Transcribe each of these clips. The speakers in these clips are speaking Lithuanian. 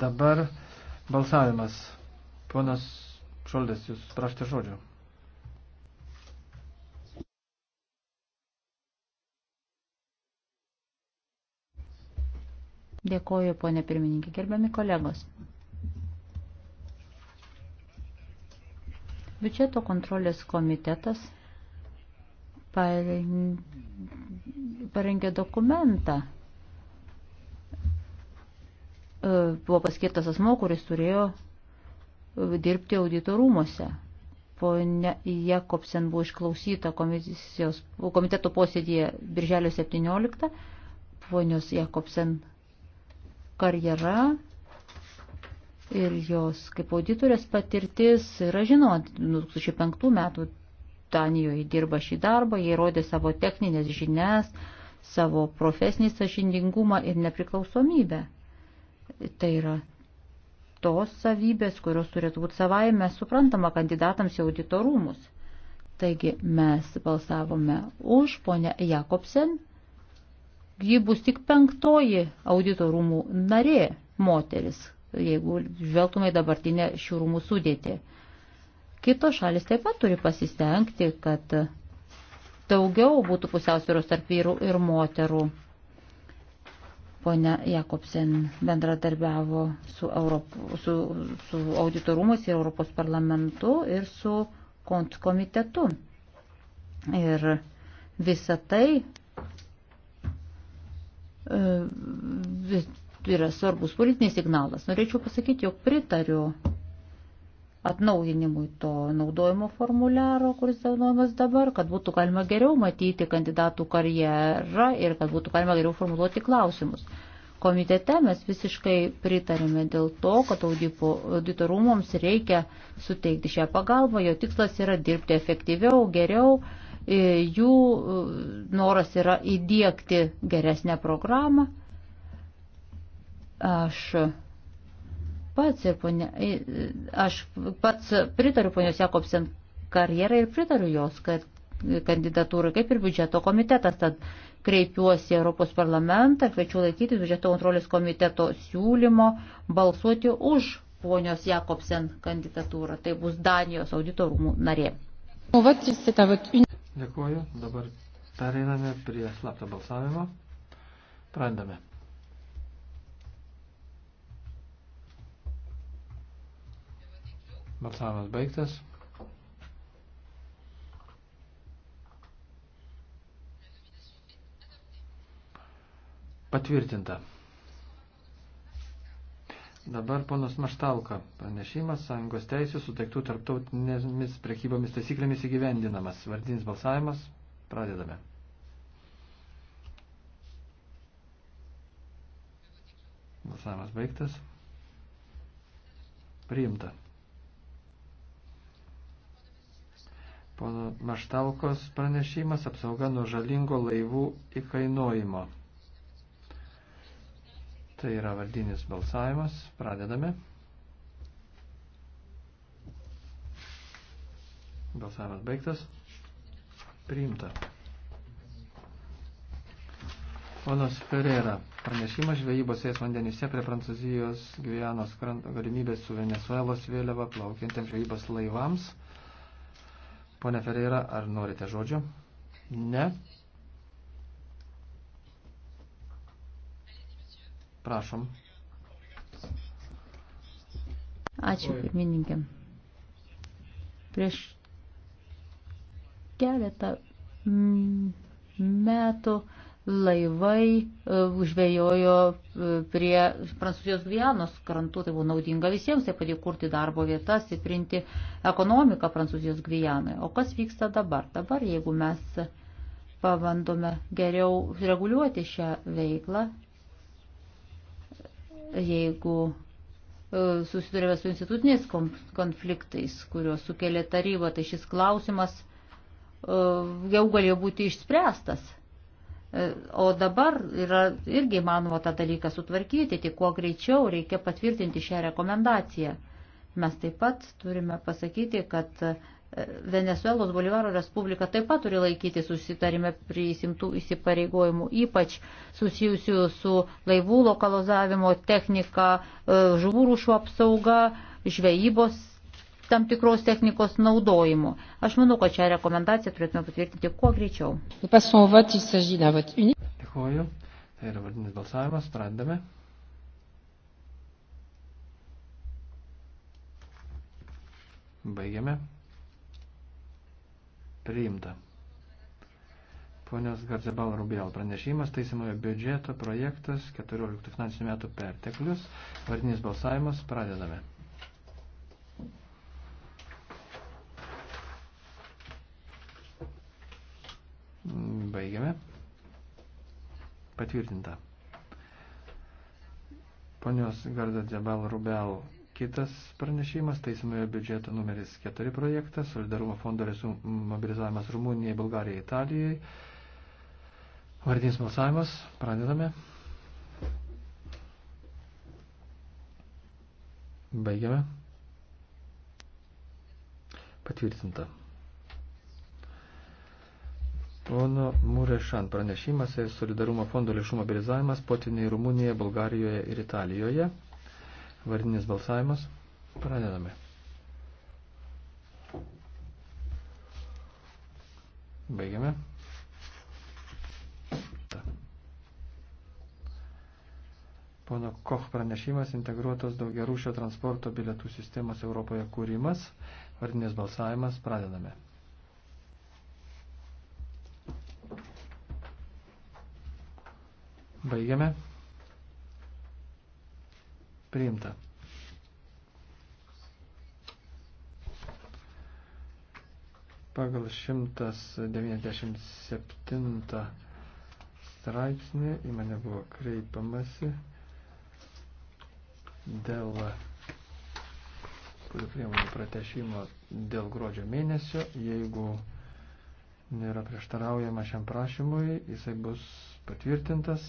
Dabar balsavimas. Ponas Šoldės, jūs prašote žodžio. Dėkoju, ponė pirmininkė, gerbiami kolegos. Biudžeto kontrolės komitetas parengė dokumentą E, buvo paskirtas asmo, kuris turėjo e, dirbti audito rūmose. Pone Jakobsen buvo išklausyta komiteto posėdėje birželio 17. Ponios Jakobsen karjera ir jos kaip auditorės patirtis yra žinoma, 2005 metų Danijoje dirba šį darbą, jie įrodė savo techninės žinias, savo profesinį sažindingumą ir nepriklausomybę. Tai yra tos savybės, kurios turėtų būti savaime suprantama kandidatams į auditorumus. Taigi mes balsavome už ponę Jakobsen. Ji bus tik penktoji auditorumų narė moteris, jeigu žvelgtume į dabartinę šių rūmų sudėtį. Kitos šalis taip pat turi pasistengti, kad daugiau būtų pusiausvėros tarp vyrų ir moterų Pone Jakobsen bendradarbiavo su, Europo, su, su auditorumais ir Europos parlamentu ir su komitetu. Ir visa tai e, yra svarbus politinis signalas. Norėčiau pasakyti, jog pritariu atnaujinimui to naudojimo formulero, kuris naudojamas dabar, kad būtų galima geriau matyti kandidatų karjerą ir kad būtų galima geriau formuluoti klausimus. Komitete mes visiškai pritarėme dėl to, kad auditorumams reikia suteikti šią pagalbą, jo tikslas yra dirbti efektyviau, geriau, e, jų e, noras yra įdėkti geresnę programą. Aš pats ir ponia, e, aš pats pritariu ponios Jakobsen karjerai ir pritariu jos kad, kandidatūrai, kaip ir biudžeto komitetas. Tad kreipiuosi Europos parlamentą ir kviečiu laikytis biudžeto kontrolės komiteto siūlymo balsuoti už ponios Jakobsen kandidatūrą. Tai bus Danijos audito rūmų narė. Nu, tai Dėkuoju. Dabar pereiname prie slapto balsavimo. Pradame. Balsavimas baigtas. Patvirtinta. Dabar ponas Maštalka pranešimas sąjungos teisės suteiktų tarptautinėmis prekybomis taisyklėmis įgyvendinamas. Vardinis balsavimas. Pradedame. Balsavimas baigtas. Priimta. Pono Maštalkos pranešimas apsauga nuo žalingo laivų įkainojimo. Tai yra valdinis balsavimas. Pradedame. Balsavimas baigtas. Priimta. Ponas Ferreira, pranešimas žvejybos ės vandenyse prie Prancūzijos Gvianos kranto galimybės su Venezuelos vėliava plaukiantiems žvejybos laivams. Pone Ferreira, ar norite žodžio? Ne. Prašom. Ačiū, pirmininkė. Prieš keletą metų laivai e, žvejojo e, prie Prancūzijos Gvianos krantų, tai buvo naudinga visiems, tai padėjo kurti darbo vietas, stiprinti ekonomiką Prancūzijos Gvianoje. O kas vyksta dabar? Dabar, jeigu mes pabandome geriau reguliuoti šią veiklą, jeigu e, susidurėme su institutiniais konfliktais, kuriuos sukėlė taryba, tai šis klausimas jau galėjo būti išspręstas E, o dabar yra irgi manoma tą dalyką sutvarkyti, tik kuo greičiau reikia patvirtinti šią rekomendaciją. Mes taip pat turime pasakyti, kad e, Venezuelos Bolivaro Respublika taip pat turi laikyti susitarime prisimtų įsipareigojimų, ypač susijusių su laivų lokalizavimo technika, e, žuvų rūšių apsauga, žvejybos tam tikros technikos naudojimu. Aš manau, kad šią rekomendaciją turėtume patvirtinti kuo greičiau. Dėkuoju. Tai yra vardinis balsavimas. Pradedame. Baigiame. Priimta. Ponios Garzebal Rubėl pranešimas, taisymojo biudžeto projektas, 14 finansinių metų perteklius, vardinis balsavimas, pradedame. Baigiame. Patvirtinta. Ponios Garda Džabal Rubel kitas pranešimas, teisimojo tai biudžeto numeris 4 projektas, solidarumo fondo mobilizavimas Rumunijai, Bulgarijai, Italijai. Vardinis balsavimas, pradedame. Baigiame. Patvirtinta. Pono Murešan pranešimas ir solidarumo fondo lėšų mobilizavimas potiniai Rumunijoje, Bulgarijoje ir Italijoje. Vardinis balsavimas. Pradedame. Baigiame. Pono Koch pranešimas integruotos daugiarūšio transporto bilietų sistemos Europoje kūrimas. Vardinis balsavimas. Pradedame. Baigiame. Priimta. Pagal 197 straipsnį į mane buvo kreipamasi dėl priemonių pratešimo dėl gruodžio mėnesio. Jeigu nėra prieštaraujama šiam prašymui, jisai bus patvirtintas.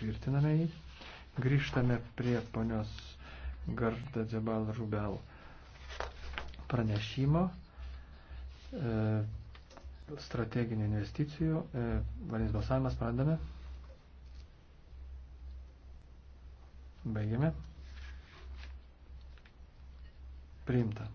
Tvirtiname jį. Grįžtame prie ponios Garda Džabal Rubel pranešimo e, strateginių investicijų. E, Valinis balsavimas pradame. Baigiame. Priimta.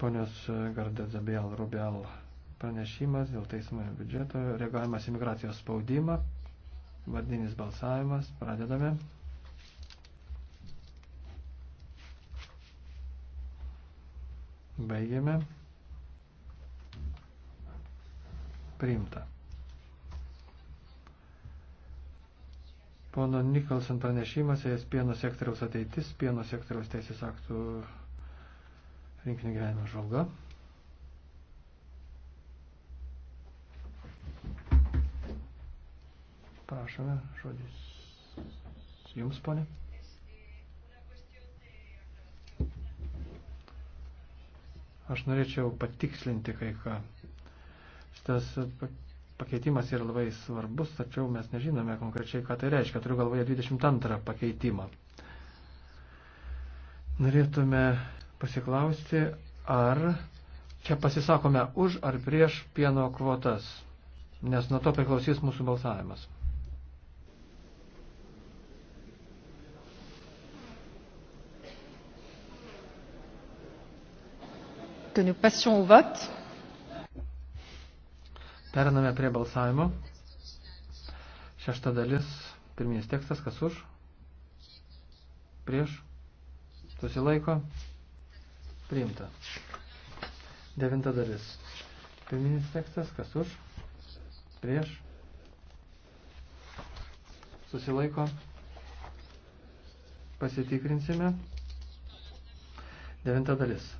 Ponios Garda Džabal Rubel pranešimas dėl teisminio biudžeto, reagavimas į migracijos spaudimą, vardinis balsavimas, pradedame. Baigiame. Priimta. Pono Nikolson pranešimas, ES pieno sektoriaus ateitis, pieno sektoriaus teisės aktų rinkinį gyvenimo žvalga. Prašome, žodis jums, ponė. Aš norėčiau patikslinti kai ką. Šitas pakeitimas yra labai svarbus, tačiau mes nežinome konkrečiai, ką tai reiškia. Turiu galvoje 22 pakeitimą. Norėtume pasiklausti, ar čia pasisakome už ar prieš pieno kvotas, nes nuo to priklausys mūsų balsavimas. que nous passions au vote. Periname prie balsavimo. Šešta dalis, pirminis tekstas, kas už, prieš, susilaiko, priimta. Devinta dalis, pirminis tekstas, kas už, prieš, susilaiko, pasitikrinsime. Devinta dalis.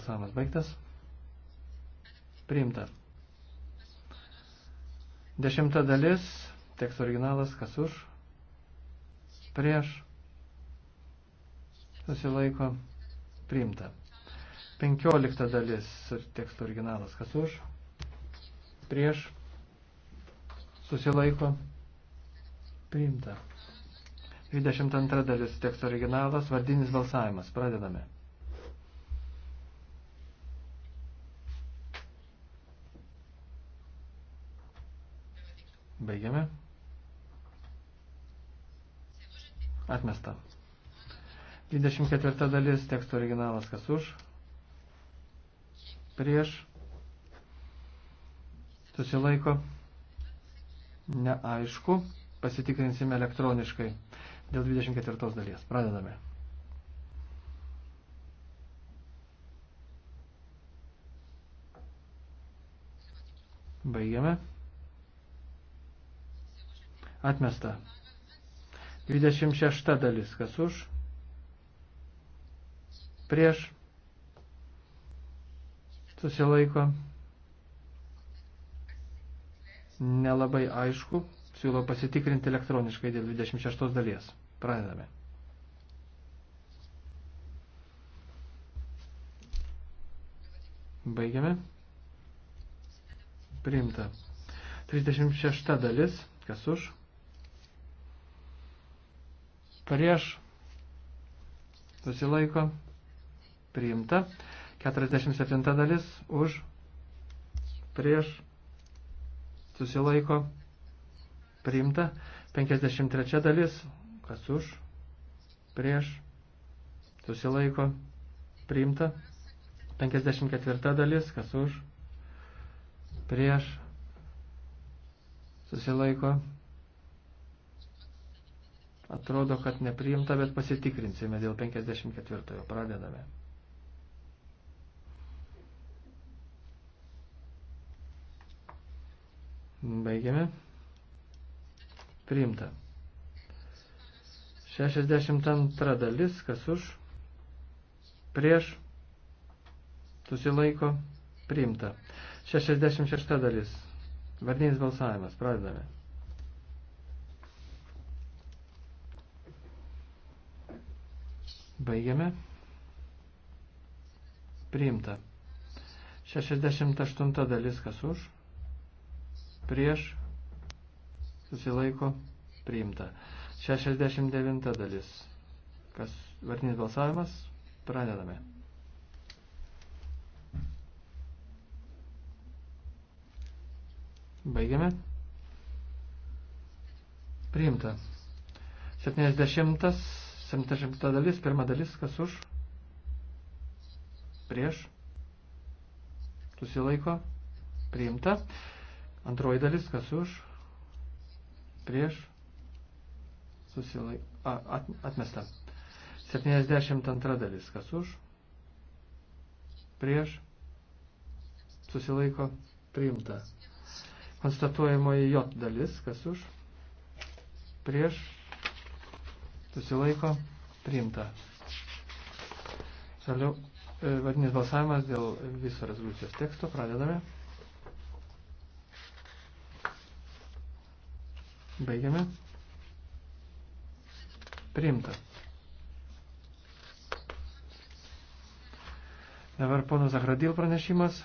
Balsavimas baigtas. Priimta. Dešimta dalis, teksto originalas, kas už, prieš, susilaiko, priimta. Penkiolikta dalis, teksto originalas, kas už, prieš, susilaiko, priimta. 22 dalis, teksto originalas, vardinis balsavimas, pradedame. Baigiame. Atmesta. 24 dalis teksto originalas kas už. Prieš. Susilaiko. Neaišku. Pasitikrinsime elektroniškai dėl 24 dalies. Pradedame. Baigiame. Atmesta. 26 dalis. Kas už? Prieš. Susilaiko. Nelabai aišku. Siūlau pasitikrinti elektroniškai dėl 26 dalies. Pradedame. Baigiame. Priimta. 36 dalis. Kas už? prieš, susilaiko, priimta. 47 dalis už, prieš, susilaiko, priimta. 53 dalis, kas už, prieš, susilaiko, priimta. 54 dalis, kas už, prieš, susilaiko, priimta Atrodo, kad nepriimta, bet pasitikrinsime dėl 54. Pradedame. Baigiame. Priimta. 62 dalis, kas už, prieš, susilaiko, priimta. 66 dalis, vardinis balsavimas, pradedame. Baigiame. Priimta. 68 dalis kas už. Prieš. Susilaiko. Priimta. 69 dalis. Kas vartinis balsavimas. Pradedame. Baigiame. Priimta. 70 70 dalis, pirma dalis, kas už, prieš, susilaiko, priimta. Antroji dalis, kas už, prieš, susilaiko, at, atmesta. 72 dalis, kas už, prieš, susilaiko, priimta. Konstatuojamoji J dalis, kas už, prieš, susilaiko priimta. Toliau e, vadinis balsavimas dėl viso rezoliucijos teksto. Pradedame. Baigiame. Priimta. Dabar pono Zahradil pranešimas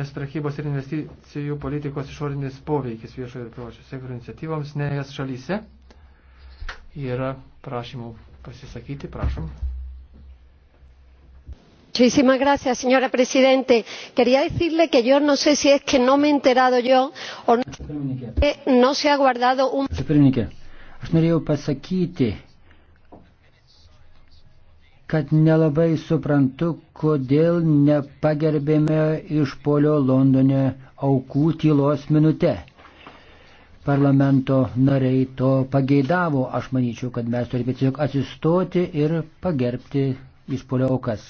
es prekybos ir investicijų politikos išorinis poveikis viešojo ir privačio sektorių iniciatyvams ne es šalyse. Yra prašymų pasisakyti, prašom. Muchísimas gracias, señora presidente. Quería decirle que yo no sé si es que no me he enterado yo o no, no se ha guardado un. Pirmininkė, aš norėjau pasakyti, kad nelabai suprantu, kodėl nepagerbėme išpolio Londone aukų tylos minute. Parlamento nariai to pageidavo, aš manyčiau, kad mes turime tiesiog atsistoti ir pagerbti išpolio aukas.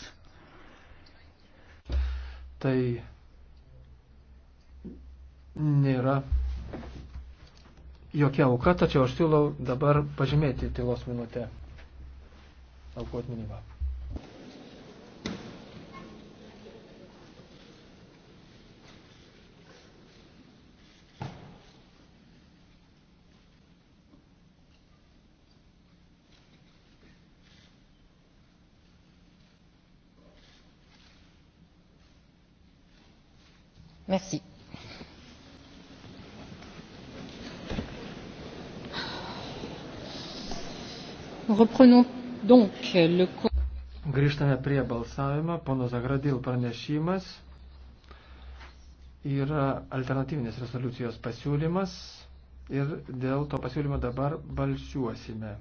Tai nėra jokia auka, tačiau aš siūlau dabar pažymėti tylos minutę aukot minimą. Merci. Reprenons Donc, le... Grįžtame prie balsavimo. Pono Zagradil pranešimas yra alternatyvinės rezoliucijos pasiūlymas ir dėl to pasiūlymo dabar balsiuosime.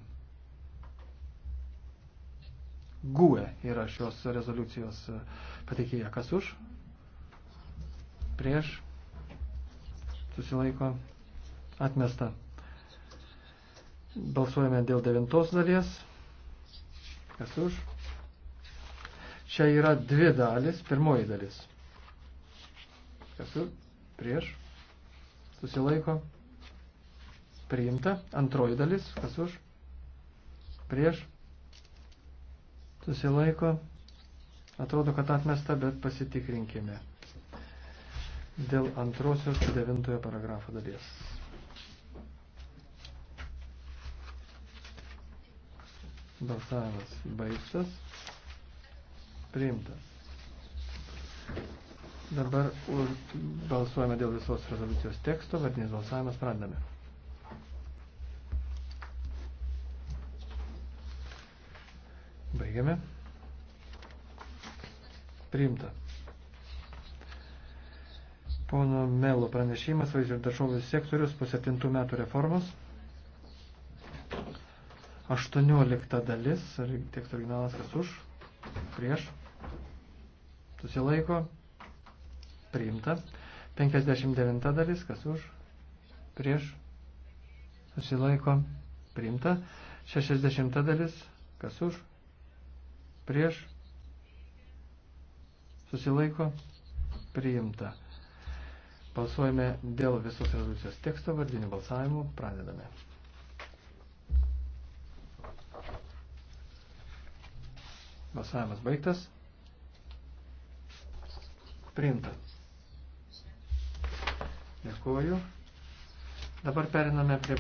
GUE yra šios rezoliucijos pateikėja. Kas už? Prieš? Susilaiko? Atmesta. Balsuojame dėl devintos dalies. Kas už? Čia yra dvi dalis. Pirmoji dalis. Kas už? Prieš. Susilaiko. Priimta. Antroji dalis. Kas už? Prieš. Susilaiko. Atrodo, kad atmesta, bet pasitikrinkime dėl antrosios devintojo paragrafo dalies. Balsavimas baigtas. Priimtas. Dabar už, balsuojame dėl visos rezoliucijos teksto, vardinis balsavimas pradame. Baigiame. Priimta. Pono Melo pranešimas vaisių ir daržovių sektorius po septintų metų reformos. 18 dalis, ar teksto originalas kas už, prieš, susilaiko, priimta. 59 dalis, kas už, prieš, susilaiko, priimta. 60 dalis, kas už, prieš, susilaiko, priimta. Balsuojame dėl visos rezoliucijos teksto vardinių balsavimų. Pradedame. Balsavimas baigtas. Priimta. Dėkuoju. Dabar periname prie